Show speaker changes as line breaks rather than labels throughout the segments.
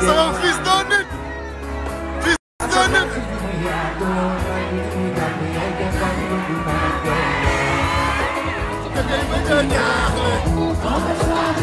So, please don't it. Please don't it. I'm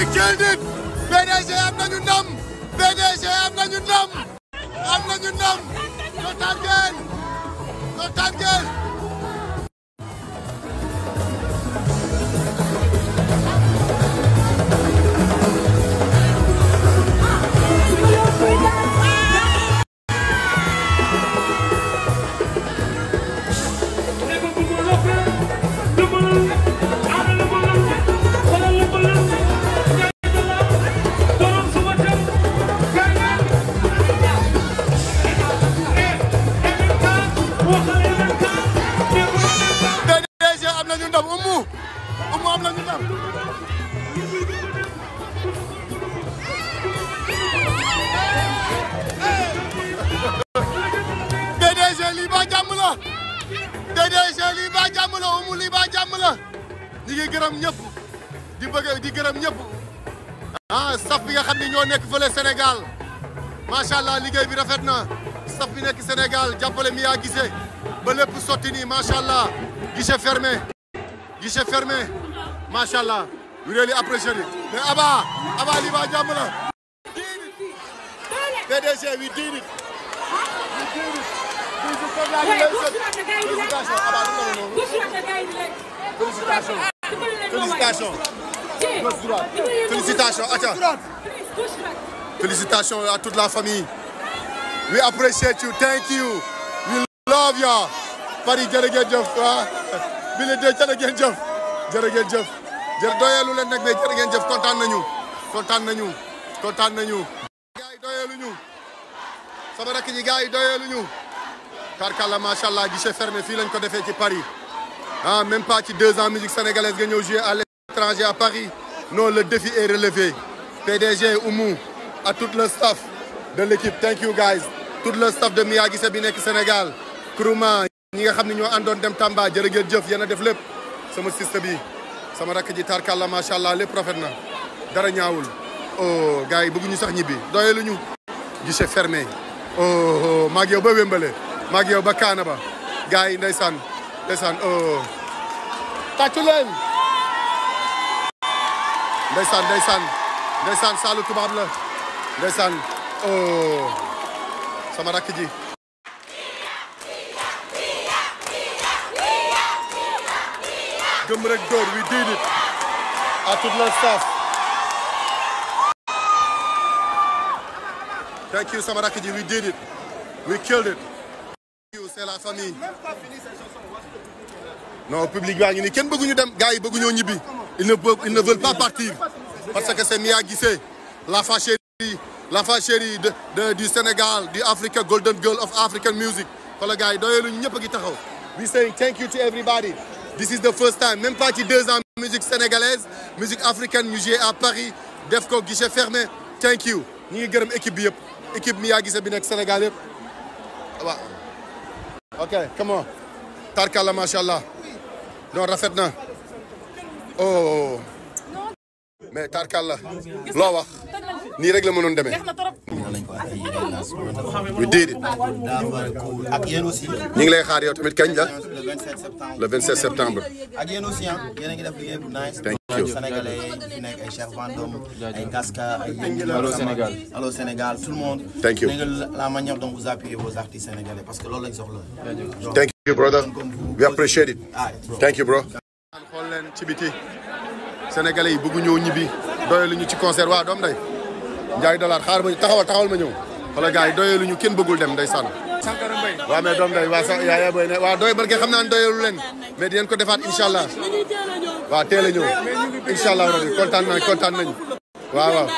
we killed it PDG am nañu ndam PDG am nañu ndam am nañu ndam Total Gueye Total Gueye lii ba jàmm la DDG lii ba jàmm la umu lii ba jàmm la ñu ngi gërëm ñëpp di bëgg di gërëm ñëpp ah saf bi nga xam ne ñoo nekk fële Sénégal macha allah liggéey bi rafet na saf bi nekk Sénégal jàppale mi yaa gisee ba lépp sotti nii macha allah guichet fermé guichet fermé macha allah lu réeli apprécié ni mais Aba Aba lii ba jàmm la DDG wi diinit félicitations félicitations acha félicitations à toute la famille we appreciate you thank you we love you Paris jërëngeen jëf ah. bi le de jërëngeen jëf jërëngeen jëf jër doyeelu leen nag mais jërëngeen jëf kontaan nañu kontaan nañu kontaan nañu gaay doyeelu ñu sama rakk ji gars doyelu doyeelu ñu allah guichet fermé fi lañ ko défé ci Paris ah même pas ci deux ans musique sénégalaise nga ñëw jouer à l'étranger à Paris non le défi est relevé PDG Oumou à tout le staff de l'équipe thank you guys tout le staff de Mia Guissé bi nek Sénégal Kourouma ñi nga xamni ñoo dem Tamba jërëjëf jëf yéen def lépp sama système bi sama rakk ji tarkalla sha allah lépp rafet na dara ñaawul oh gars yi bëgguñu sax ñibbi doyaluñu guichet fermé oh, oh maa ngi yow ba Wembale maa ngi ba Kaana ba gars yi ndeysaan ndeysaan oh, oh. tàccu leen. ndeysaan ndeysaan ndeysaan Saalu tubaab la ndeysaan oh, oh. sama rakk ji. door wi diinit à toute la staff. Thank you, Samaraki We did it. We killed it. Thank you, c'est la famille. Non, public, ils ne, peuvent, ils ne veulent pas partir. Parce que c'est Miyagise, la fâcherie, la fâcherie de, de, du Sénégal, du Africa Golden Girl of African Music. We say thank you to everybody. This is the first time, même pas deux ans, musique sénégalaise, musique africaine, musée à Paris, Defco, guichet fermé. Thank you. Nous sommes équipe. équipe mi yaa gise bi nekk Sénégal yëpp waaw ok come on tarkalla macha allah rafet na oh mais tarkalla loo wax
nii rek la mënoon demee
oui déedéet ñu ngi lay tamit kañ le 27 septembre. Sénégalais Sénégal tout le monde thank you la manière dont vous appuyez vos artistes sénégalais parce que thank you brother we appreciate it ah, thank you bro Senegal, sénégalais yi bëggu ñëw ñibbi doyaluñu ci concert waa doom day Ndiaye Dollar xaar gars dem day sànn Sankara Mbaye waaw mais doom day waa boy ne mais ko allah waaw teel a ñëw incha allah rabi kontaan nañ kontaan nañ waaw waaw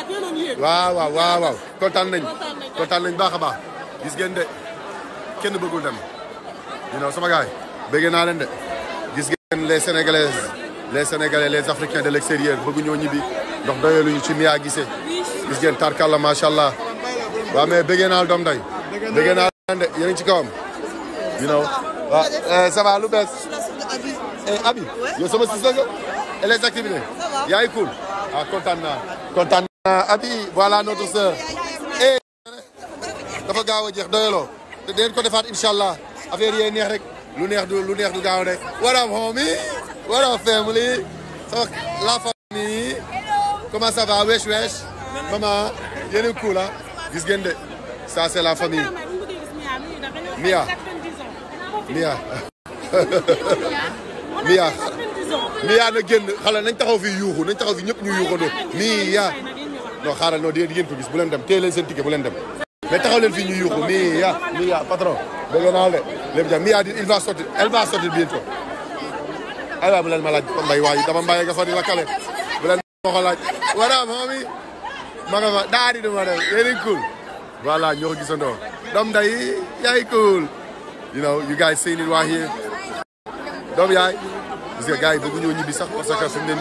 waaw waaw waaw kontaan nañ kontaan nañ baax a baax gis ngeen de kenn bëggul dem you know sama gars yi bëgg naa leen de gis ngeen les sénégalais les sénégalais les africains de l'extérieur bëgguñoo ñibbi ndox doyaluñu ci Mia Guissé gis ngeen tarkalla macha allah waaw mais bëgg naa doom day bëgg naa leen de yéen ci kawam you know waaw eh, ça va lu bees et euh, Abi yow sama sista nga et les activités yaay cool ah content ah. Contana. Ah. Abi voilà notre sœur Eh, dafa gaaw a jeex doyaloo te deen ko defaat incha affaire rien neex rek lu neex du lu neex du gaaw what up homie what up family la famille comment ça va wesh wesh maman y a cool ah gis ça c'est la famille Mia Mia Mia Mia na génn xale nañ taxaw fii yuuxu nañ taxaw fii ñëpp ñu yuuxandoo Mia non xaaral non di ngeen ko gis bu leen dem téye leen seen ticket bu leen dem mais taxaw leen fii ñu yuuxu Mia Mia patron bëgg naa de lépp jàmm Mia di il va sortir elle va sortir bientôt ay waay bu leen ma laaj mbay waay dama mbayee nga fa di la kale bu leen ma ko laaj voilà moom i ma nga fa daa di dama dem yéen cool voilà ñoo ko gisandoo doom gis nga gars yi bëggu ñoo sax parce que fi mu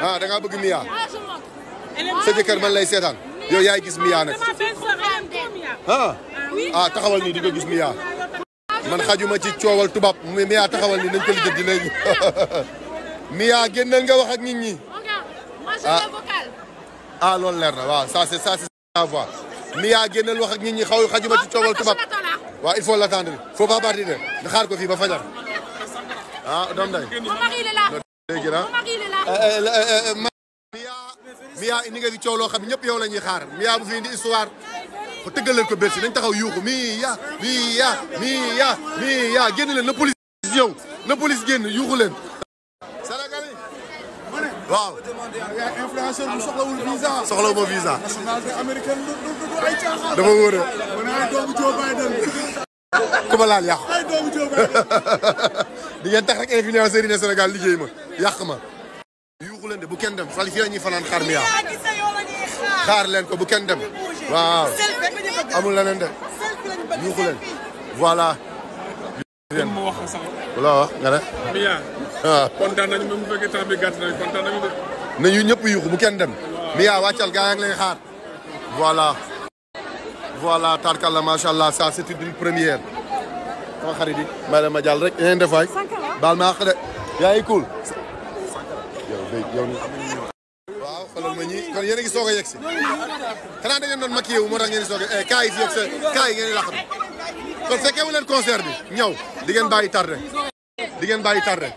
ah, bëgg Mia sa man lay seetaan yow yaay gis Mia nag ah. ah taxawal nii di nga gis Mia man xajuma ci coowal tubaab Mia taxawal nii nañ ko lijjanti léegi Mia génnal nga wax ak nit ñi ah ah loolu leer na waaw ça Mia génnal wax ak ñi xaw xajuma ci coowal tubaab. waaw il faut l'attendre faut pas partir de nga xaar ko fii ba fajar ah doom day euh, euh, euh, Mia Mia indi nga fi coow loo xam ñëpp yow la ñuy xaar Mia bu fi indi histoire ko tëggalal ko Bercy nañ taxaw yuuxu Mia Mia Mia Mia génn leen na police yow na police génn yuuxu leen waaw. influenceur bu soxlawul visa. soxlawuma visa. nationalité américaine du du du ay caaxaan. dafa wóor ku ma laal tax rek influenceur yi Sénégal liggéey ma yàq ma. yuuxu leen de bu kenn dem fal fii la ñuy fanaan xaar mi yaa xaar leen ko bu kenn dem waaw amul leneen de yuuxu voilà. leen ma ah. ñëpp yuuxu bu kenn dem. Mia wàccal gaa yaa ngi lay xaar. voilà. voilà tarkalla macha allah ça c'est une première. sama xarit yi la ma jàll rek yeneen defaay baal ma àq ma ñi kon yéen a ngi soog a yegg si xanaa da ngeen doon maquillé wu moo tax di soog a eh, kaay yi fi yegg sa kaay yi ngeen di laqatu kon fekkee wu leen concert di ngeen bàyyi tardé di ngeen bàyyi tardé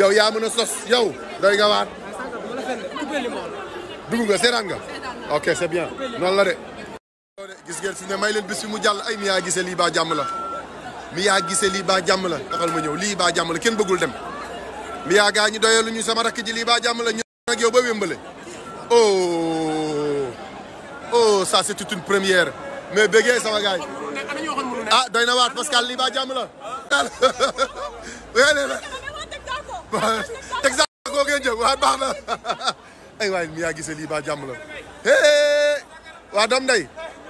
yow yaa sos yow doy nga waat dugg nga ok c'est bien noonu la de gis ngeen si ne may leen bis bi jàll ay mi yaa gisee lii baa jàmm la mi yaa gisee lii baa jàmm la taxal ma ñëw lii baa jàmm kenn bëggul dem mi yaa gaa ñu doyelu ñu sama rakk ji lii baa jàmm la ñu ak yow ba wémbale oh oh ça c'est toute une première mais bëggee sama gars yi ah doy na waat Pascal lii baa jàmm la teg ay mi yaa gisee lii baa jàmm la é waa doom day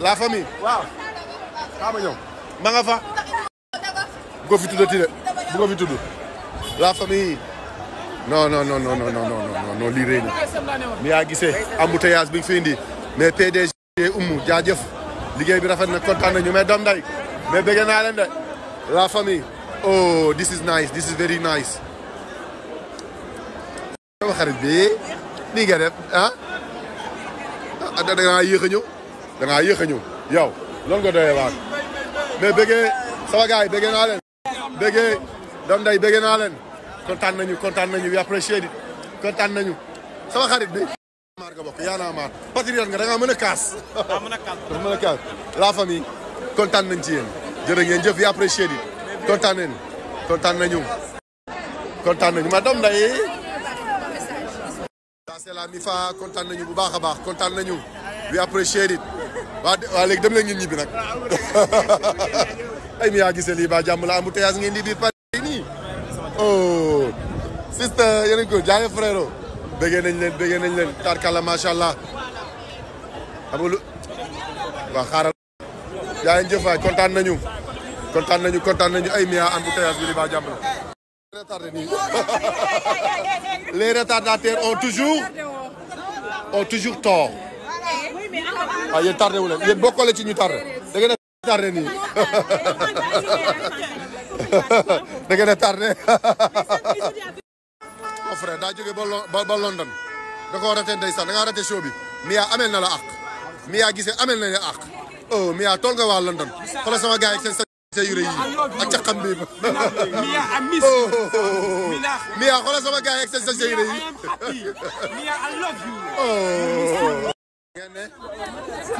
la famille. waaw. xaaral ma ñëw. ma nga fa. bu ko fi tuddati de bu ko fi tudd. la famille. non non non non non non non non lii rëy na. ni yaa gisee embouteillage bi mais PDG Oumou jaajëf. liggéey bi rafet na kontaan nañu mais doom day mais bëgg naa leen de. la famille. oh this is nice this is very nice. sama xarit bi nii nga def ah. ah da ngaa yéex a ñëw yow loolu nga doyee waat mais bëggee sama gars yi bëggee naa leen bëggee dam day bëggee naa leen kontaan nañu kontaan nañu y di kontaan nañu sama xarit bi maar nga bokk yaa naa maar patriote nga da ngaa mën a kaas da mën a kaas la famille kontaan nañ ci yéen jërë ngeen jëf y apprécié di kontaan nañu kontaan nañu kontaan nañu ma dam day c'est la mifa fa nañu bu baax baax kontaan nañu we appreciate it waa waa léegi dem leen ngeen ñibbi nag ay mi yaa gisee lii ba jàmm la embouteillage ngeen di biir Paris nii oh sister yéen a ngi ko jaayee frère bëggee nañ leen bëggee nañ leen tarkala macha allah xam nga lu waaw xaaral yaa ngi jëf waay kontaan nañu kontaan nañu kontaan nañu ay mi yaa embouteillage bi lii ba jàmm la les retardataires ont toujours ont toujours tort waaw ah, yéen tardé wu leen yéen bokkoo ci ñu tardé da ngeen a tardé nii da daa jógee bo ba London da koo raté ndeysaan da ngaa raté Mia amel na la àq Mia gisee amel na la àq oh Mia tool nga waa London xoolal sama gars yi yu rëy yi ak ca xam bi Mia oh. xoolal sama gars yi yu rëy yi. ngeen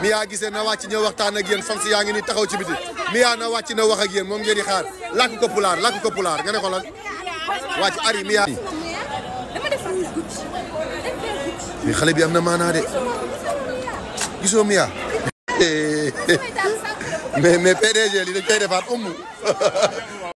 ne a Guissé na wàcc ñëw waxtaan ak yéen fan si yaa ngi ni taxaw ci bi biti Mia na wàcc na wax ak yéen moom ngeen di xaar làkk ko pulaar làkk ko pulaar ne ko wàcc ari Mia mais xale bi am na maanaa de gisoo Mia eh, eh, eh. mais mais PDG li dañ koy defaat umm